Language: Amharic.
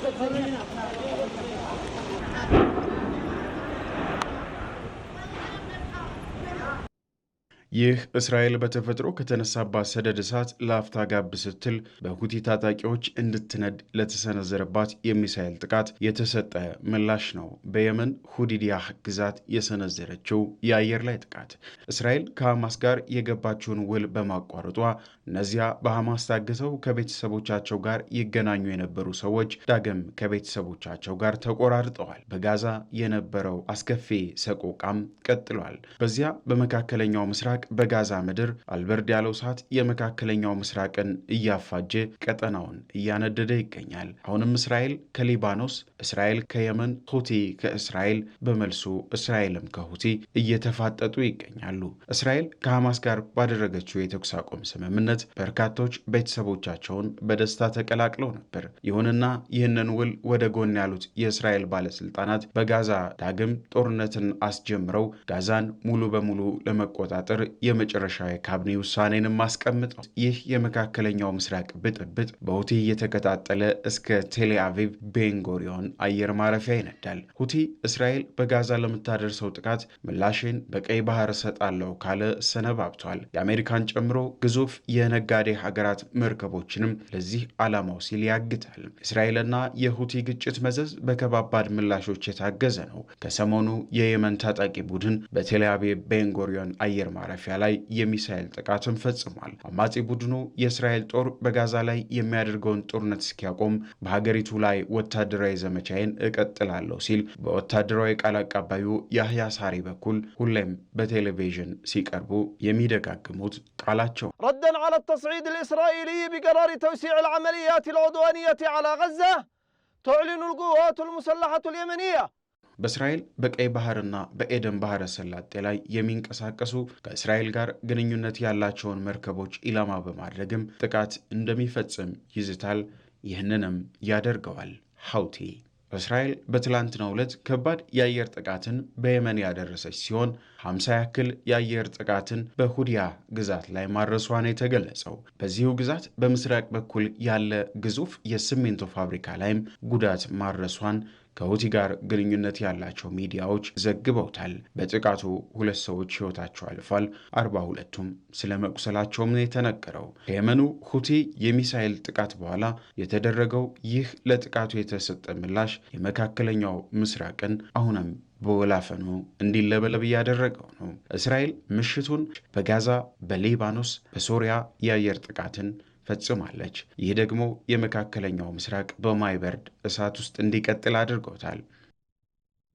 Thank you. ይህ እስራኤል በተፈጥሮ ከተነሳባት ሰደድ እሳት ለአፍታ ጋብ ስትል በሁቲ ታጣቂዎች እንድትነድ ለተሰነዘረባት የሚሳኤል ጥቃት የተሰጠ ምላሽ ነው። በየመን ሁዲዲያህ ግዛት የሰነዘረችው የአየር ላይ ጥቃት እስራኤል ከሐማስ ጋር የገባችውን ውል በማቋረጧ እነዚያ በሐማስ ታግተው ከቤተሰቦቻቸው ጋር ይገናኙ የነበሩ ሰዎች ዳግም ከቤተሰቦቻቸው ጋር ተቆራርጠዋል። በጋዛ የነበረው አስከፊ ሰቆቃም ቀጥሏል። በዚያ በመካከለኛው ምስራቅ ምስራቅ በጋዛ ምድር አልበርድ ያለው እሳት የመካከለኛው ምስራቅን እያፋጀ ቀጠናውን እያነደደ ይገኛል። አሁንም እስራኤል ከሊባኖስ፣ እስራኤል ከየመን፣ ሁቲ ከእስራኤል በመልሱ እስራኤልም ከሁቲ እየተፋጠጡ ይገኛሉ። እስራኤል ከሐማስ ጋር ባደረገችው የተኩስ አቁም ስምምነት በርካቶች ቤተሰቦቻቸውን በደስታ ተቀላቅለው ነበር። ይሁንና ይህንን ውል ወደ ጎን ያሉት የእስራኤል ባለስልጣናት በጋዛ ዳግም ጦርነትን አስጀምረው ጋዛን ሙሉ በሙሉ ለመቆጣጠር የመጨረሻ የካቢኔ ውሳኔንም አስቀምጥ ነው። ይህ የመካከለኛው ምስራቅ ብጥብጥ በሁቲ እየተቀጣጠለ እስከ ቴሌአቪቭ ቤንጎሪዮን አየር ማረፊያ ይነዳል። ሁቲ እስራኤል በጋዛ ለምታደርሰው ጥቃት ምላሽን በቀይ ባህር እሰጣለሁ ካለ ሰነባብቷል። የአሜሪካን ጨምሮ ግዙፍ የነጋዴ ሀገራት መርከቦችንም ለዚህ ዓላማው ሲል ያግታል። እስራኤልና የሁቲ ግጭት መዘዝ በከባባድ ምላሾች የታገዘ ነው። ከሰሞኑ የየመን ታጣቂ ቡድን በቴልአቪቭ ቤንጎሪዮን አየር ማረፊያ ማረፊያ ላይ የሚሳኤል ጥቃትን ፈጽሟል። አማጺ ቡድኑ የእስራኤል ጦር በጋዛ ላይ የሚያደርገውን ጦርነት እስኪያቆም በሀገሪቱ ላይ ወታደራዊ ዘመቻዬን እቀጥላለሁ ሲል በወታደራዊ ቃል አቀባዩ ያህያ ሳሪ በኩል ሁሌም በቴሌቪዥን ሲቀርቡ የሚደጋግሙት ቃላቸው ረደን ዐለ ተስዒድ ልእስራኤሊ ቢቀራሪ ተውሲዕ ልዓመልያት ልዑድዋንየት ዐላ ገዛ ተዕሊኑ ልቁዋቱ ልሙሰላሐት ልየመንያ በእስራኤል በቀይ ባህርና በኤደን ባህረ ሰላጤ ላይ የሚንቀሳቀሱ ከእስራኤል ጋር ግንኙነት ያላቸውን መርከቦች ኢላማ በማድረግም ጥቃት እንደሚፈጽም ይዝታል። ይህንንም ያደርገዋል። ሀውቲ። እስራኤል በትላንትናው ዕለት ከባድ የአየር ጥቃትን በየመን ያደረሰች ሲሆን 50 ያክል የአየር ጥቃትን በሁዲያ ግዛት ላይ ማድረሷ የተገለጸው። በዚሁ ግዛት በምስራቅ በኩል ያለ ግዙፍ የሲሚንቶ ፋብሪካ ላይም ጉዳት ማድረሷን ከሁቲ ጋር ግንኙነት ያላቸው ሚዲያዎች ዘግበውታል። በጥቃቱ ሁለት ሰዎች ሕይወታቸው አልፏል። አርባ ሁለቱም ስለ መቁሰላቸውም ነው የተነገረው። ከየመኑ ሁቲ የሚሳኤል ጥቃት በኋላ የተደረገው ይህ ለጥቃቱ የተሰጠ ምላሽ የመካከለኛው ምስራቅን አሁንም በወላፈኑ እንዲለበለብ እያደረገው ነው። እስራኤል ምሽቱን በጋዛ፣ በሊባኖስ፣ በሶሪያ የአየር ጥቃትን ፈጽማለች። ይህ ደግሞ የመካከለኛው ምስራቅ በማይበርድ እሳት ውስጥ እንዲቀጥል አድርጎታል።